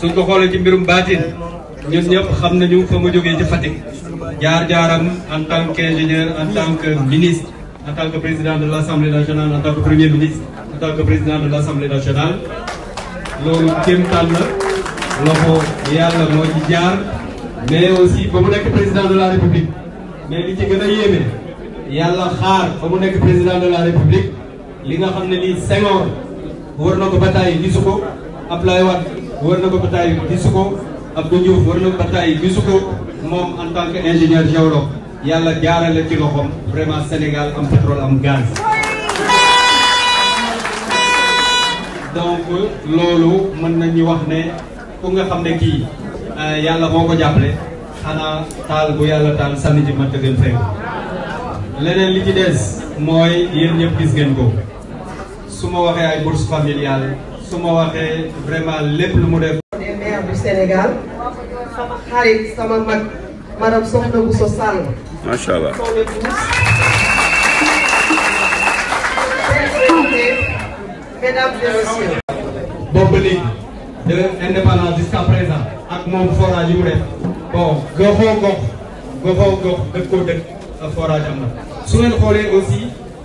suñ ko xoolee ci mbirum baatin ñun ñëpp xam nañu fa mu jógee ci Fatick jaar-jaaram en tant qu'ingénieur en tant que ministre en tant président de l'Assemblée nationale en tant que premier ministre en tant que président de l'Assemblée nationale loolu kéemtaan la loxo yàlla moo ci jaar mais aussi ba mu nekk président de la république mais li ci gën a yéeme yàlla xaar ba mu nekk président de la république li nga xam ne lii Senghor war na ko bataay gisu ko Ablaye Wade war na ko bataay gisu ko Abdou Diouf war na ko bataay gisu ko moom en tant que ingénieur yàlla jaarale ci loxoom vraiment Sénégal am pétrole am gaz. donc loolu mën nañu wax ne ku nga xam ne kii euh, yàlla moo ko jàppale xanaa taal bu yàlla taal sànni ci mënta gën leneen li ci des mooy yéen ñëpp gis ngeen ko su ma waxee ay bourse familiale su vraiment le du Sénégal mesdames et messieurs. de l'indépendance jusqu'à présent mon forage bon forage aussi.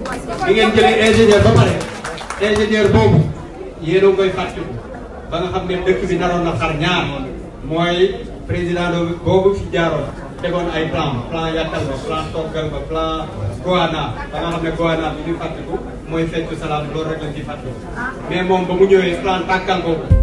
bi ngeen jëlee ingénieur ba pare ingénieur boobu yéen a ngi koy fàttiku ba nga ne dëkk bi naroon na xar ñaar mooy président boobu fi jaaroon tegoon ay plan plan yàttal ba plan toggal plan Goana ba nga ne Goana bi ñu fàttiku mooy feccu salaam loolu rek lañ ci fàttiku mais ba mu ñëwee plan tàkkal boobu